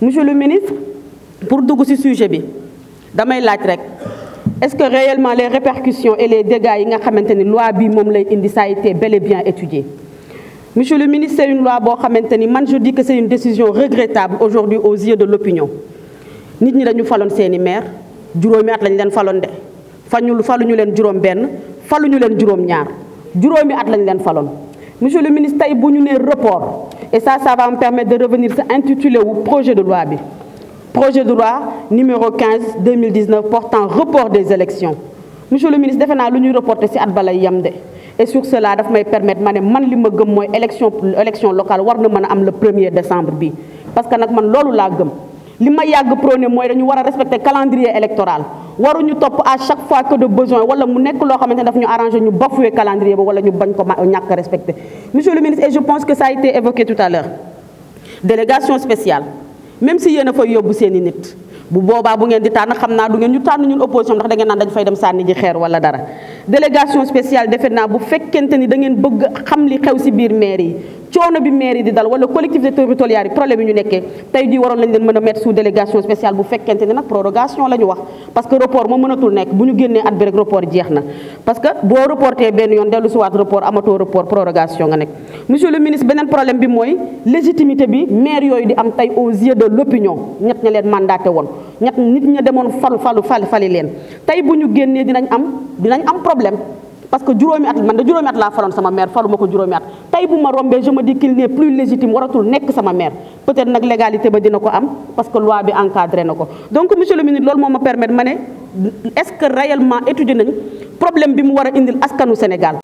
monsieur le ministre pour dugg ci sujet bi damay laaj rek est-ce que réellement les répercussions et les dégâts yi nga xamante loi bi moom lay indi ça a été bel et bien étudiée monsieur le ministre c'est une loi bo xamanteni man je dis que c'est une décision regrettable aujourd'hui aux yeux de l'opinion nit ñi dañu faloon seeni maire juroomi at lañ leen falon de fañul faluñu leen juroom ben, faluñu leen juroom ñaar Juroomi at lañ leen falon. monsieur le ministre tay bu ñu nee report et ça, ça va me permettre de revenir sur intitulé au projet de loi B. Projet de loi numéro 15 2019 portant report des élections. Monsieur le ministre, nous naa lu ñuy reporté ci at bala et sur cela daf may permettre de faire une élection élection locale le 1er am le décembre bi parce que ce man je veux gëm li que je veux dañu respecter calendrier électoral ñu top à chaque fois que de besoin wala mu nekk lo xamante daf ñu arranger ñu bafouer calendrier wala ñu bañ ko ñak respecté monsieur le ministre et je pense que ça a été évoqué tout à l'heure délégation spéciale même si yéen fa yobbu yóbbu seen nit bu boba bu ngeen di tànn xamna du ngeen ñu tànn ñun opposition ndax da ngeen naan dañ fay dem sanni ji xeer wala dara délégation spéciale defe bu fekkente ni da ngeen bëgg xam li xew ci biir maire yi coono bi maire yi di dal wala collectivité territoriale yi problème yi ñu nekkee tey jii waroon nañ leen mën a mettre sous délégation spéciale bu fekkente ne nag prorogation la ñu wax que report moo mënatul nekk bu ñu génnee at bi rek report jeex na parce que boo reporté benn yoon dellu siwaat report amatoo report prorogation nga nekk monsieur le ministre beneen problème bi mooy légitimité bi maire yooyu di am tey aux yeux l'opinion ñett ña leen mandaté woon ñett nit ña demoon falu falu fali fali leen tey bu ñu génnee dinañ am dinañ am problème parce que juromi at man da juromi at la faloon sama mère, falu mako juromi at tay buma rombé je me dis qu'il n'est plus légitime waratul nek sama mère? peut-être nak légalité ba dina ko am parce que loi bi encadré nako donc monsieur le ministre lol moma permettre mané est-ce que réellement étudier nañ problème bi mu war indil askanu Sénégal